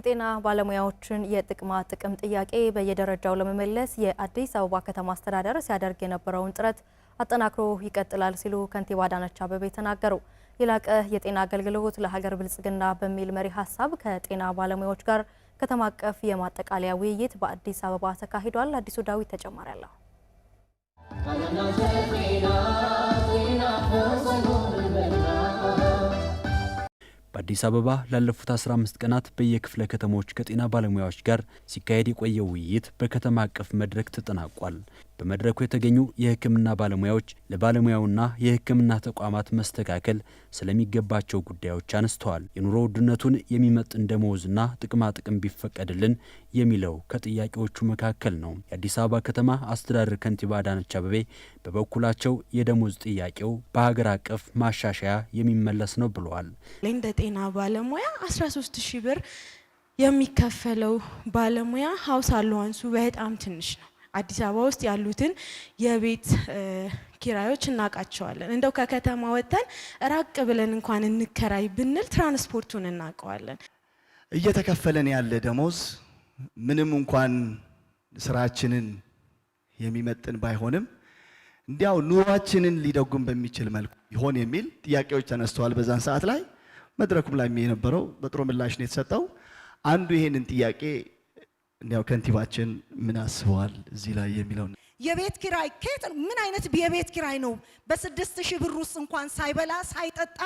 የጤና ባለሙያዎችን የጥቅማ ጥቅም ጥያቄ በየደረጃው ለመመለስ የአዲስ አበባ ከተማ አስተዳደር ሲያደርግ የነበረውን ጥረት አጠናክሮ ይቀጥላል ሲሉ ከንቲባ አዳነች አቤቤ ተናገሩ። የላቀ የጤና አገልግሎት ለሀገር ብልጽግና በሚል መሪ ሀሳብ ከጤና ባለሙያዎች ጋር ከተማ አቀፍ የማጠቃለያ ውይይት በአዲስ አበባ ተካሂዷል። አዲሱ ዳዊት ተጨማሪ አለው። ጤና በአዲስ አበባ ላለፉት 15 ቀናት በየክፍለ ከተሞች ከጤና ባለሙያዎች ጋር ሲካሄድ የቆየው ውይይት በከተማ አቀፍ መድረክ ተጠናቋል። በመድረኩ የተገኙ የሕክምና ባለሙያዎች ለባለሙያውና የሕክምና ተቋማት መስተካከል ስለሚገባቸው ጉዳዮች አነስተዋል። የኑሮ ውድነቱን የሚመጥን ደመወዝና ጥቅማጥቅም ቢፈቀድልን የሚለው ከጥያቄዎቹ መካከል ነው። የአዲስ አበባ ከተማ አስተዳደር ከንቲባ አዳነች አበቤ በበኩላቸው የደሞዝ ጥያቄው በሀገር አቀፍ ማሻሻያ የሚመለስ ነው ብለዋል። እንደ ጤና ባለሙያ 13 ሺህ ብር የሚከፈለው ባለሙያ ሀውስ አለዋንሱ በጣም ትንሽ ነው። አዲስ አበባ ውስጥ ያሉትን የቤት ኪራዮች እናውቃቸዋለን። እንደው ከከተማ ወጥተን ራቅ ብለን እንኳን እንከራይ ብንል ትራንስፖርቱን እናውቀዋለን። እየተከፈለን ያለ ደሞዝ ምንም እንኳን ስራችንን የሚመጥን ባይሆንም እንዲያው ኑሯችንን ሊደጉም በሚችል መልኩ ይሆን የሚል ጥያቄዎች ተነስተዋል። በዛን ሰዓት ላይ መድረኩም ላይ የነበረው በጥሩ ምላሽ ነው የተሰጠው። አንዱ ይሄንን ጥያቄ እንዲያው ከንቲባችን ምን አስበዋል እዚህ ላይ የሚለው የቤት ኪራይ ከየት ምን አይነት የቤት ኪራይ ነው? በስድስት ሺህ ብር ውስጥ እንኳን ሳይበላ ሳይጠጣ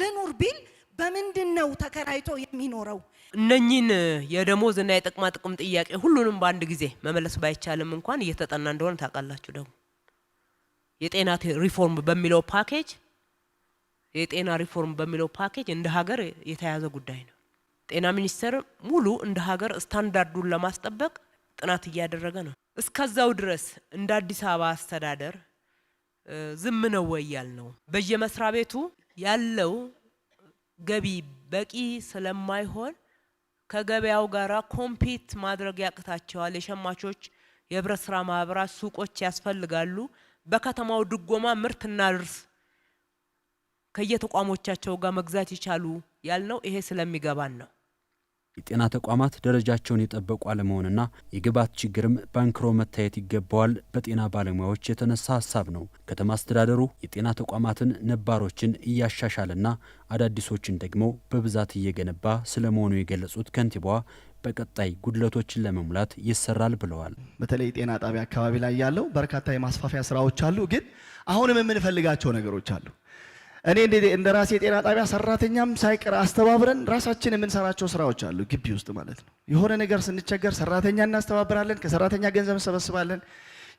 ልኑር ቢል በምንድን ነው ተከራይቶ የሚኖረው? እነኚህን የደሞዝ እና የጥቅማ ጥቅም ጥያቄ ሁሉንም በአንድ ጊዜ መመለስ ባይቻልም እንኳን እየተጠና እንደሆነ ታውቃላችሁ። ደግሞ የጤና ሪፎርም በሚለው ፓኬጅ የጤና ሪፎርም በሚለው ፓኬጅ እንደ ሀገር የተያዘ ጉዳይ ነው። ጤና ሚኒስቴር ሙሉ እንደ ሀገር ስታንዳርዱን ለማስጠበቅ ጥናት እያደረገ ነው። እስከዛው ድረስ እንደ አዲስ አበባ አስተዳደር ዝም ነው ወይ ያል ነው። በየመስሪያ ቤቱ ያለው ገቢ በቂ ስለማይሆን ከገበያው ጋራ ኮምፒት ማድረግ ያቅታቸዋል። የሸማቾች የህብረት ስራ ማህበራት ሱቆች ያስፈልጋሉ። በከተማው ድጎማ ምርትና ርስ ከየተቋሞቻቸው ጋር መግዛት ይቻሉ ያልነው ይሄ ስለሚገባን ነው። የጤና ተቋማት ደረጃቸውን የጠበቁ አለመሆንና የግብዓት ችግርም ባንክሮ መታየት ይገባዋል በጤና ባለሙያዎች የተነሳ ሀሳብ ነው። ከተማ አስተዳደሩ የጤና ተቋማትን ነባሮችን እያሻሻለና አዳዲሶችን ደግሞ በብዛት እየገነባ ስለመሆኑ የገለጹት ከንቲባዋ በቀጣይ ጉድለቶችን ለመሙላት ይሰራል ብለዋል። በተለይ ጤና ጣቢያ አካባቢ ላይ ያለው በርካታ የማስፋፊያ ስራዎች አሉ። ግን አሁንም የምንፈልጋቸው ነገሮች አሉ። እኔ እንደ ራሴ የጤና ጣቢያ ሰራተኛም ሳይቀር አስተባብረን ራሳችን የምንሰራቸው ስራዎች አሉ፣ ግቢ ውስጥ ማለት ነው። የሆነ ነገር ስንቸገር ሰራተኛ እናስተባብራለን፣ ከሰራተኛ ገንዘብ እንሰበስባለን፣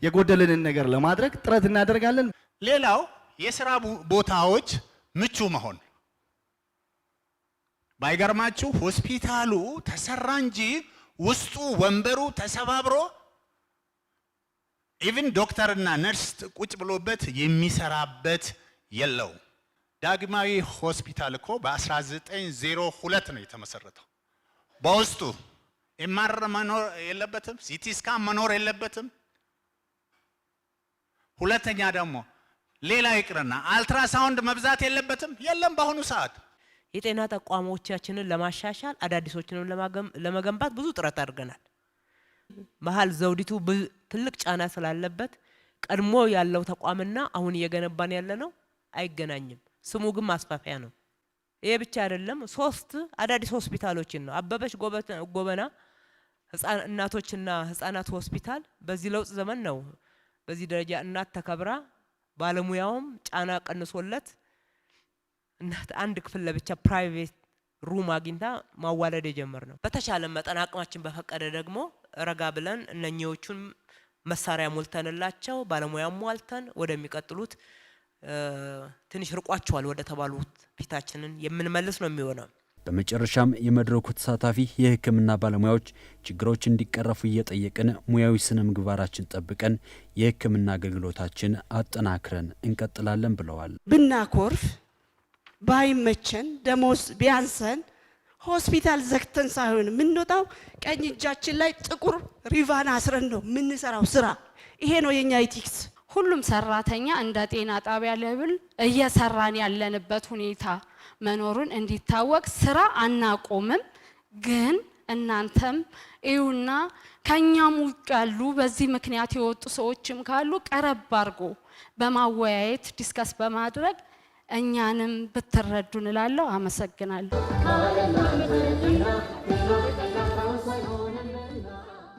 የጎደልንን ነገር ለማድረግ ጥረት እናደርጋለን። ሌላው የስራ ቦታዎች ምቹ መሆን። ባይገርማችሁ ሆስፒታሉ ተሰራ እንጂ ውስጡ ወንበሩ ተሰባብሮ ኢቭን ዶክተርና ነርስ ቁጭ ብሎበት የሚሰራበት የለውም። ዳግማዊ ሆስፒታል እኮ በ1902 ነው የተመሰረተው። በውስጡ ኤምአር መኖር የለበትም፣ ሲቲ ስካን መኖር የለበትም። ሁለተኛ ደግሞ ሌላ ይቅርና አልትራሳውንድ መብዛት የለበትም፣ የለም። በአሁኑ ሰዓት የጤና ተቋሞቻችንን ለማሻሻል አዳዲሶችንም ለመገንባት ብዙ ጥረት አድርገናል። መሀል ዘውዲቱ ትልቅ ጫና ስላለበት ቀድሞ ያለው ተቋምና አሁን እየገነባን ያለ ነው አይገናኝም። ስሙ ግን ማስፋፊያ ነው። ይሄ ብቻ አይደለም። ሶስት አዳዲስ ሆስፒታሎችን ነው አበበች ጎበና እናቶችና ህጻናት ሆስፒታል በዚህ ለውጥ ዘመን ነው በዚህ ደረጃ እናት ተከብራ ባለሙያውም ጫና ቀንሶለት እናት አንድ ክፍል ለብቻ ፕራይቬት ሩም አግኝታ ማዋለድ የጀመር ነው። በተሻለ መጠን አቅማችን በፈቀደ ደግሞ ረጋ ብለን እነኚዎቹን መሳሪያ ሞልተንላቸው ባለሙያ ሟልተን ወደሚቀጥሉት ትንሽ ርቋቸዋል ወደ ተባሉት ፊታችንን የምንመልስ ነው የሚሆነው። በመጨረሻም የመድረኩ ተሳታፊ የሕክምና ባለሙያዎች ችግሮች እንዲቀረፉ እየጠየቅን ሙያዊ ስነ ምግባራችን ጠብቀን የሕክምና አገልግሎታችን አጠናክረን እንቀጥላለን ብለዋል። ብናኮርፍ፣ ባይመቸን፣ ደሞዝ ቢያንሰን ሆስፒታል ዘግተን ሳይሆን የምንወጣው ቀኝ እጃችን ላይ ጥቁር ሪቫን አስረን ነው የምንሰራው ስራ። ይሄ ነው የኛ ኢቲክስ። ሁሉም ሰራተኛ እንደ ጤና ጣቢያ ለብል እየሰራን ያለንበት ሁኔታ መኖሩን እንዲታወቅ ስራ አናቆምም፣ ግን እናንተም እዩና ከኛም ውጭ ያሉ በዚህ ምክንያት የወጡ ሰዎችም ካሉ ቀረብ አድርጎ በማወያየት ዲስከስ በማድረግ እኛንም ብትረዱ እንላለሁ። አመሰግናለሁ።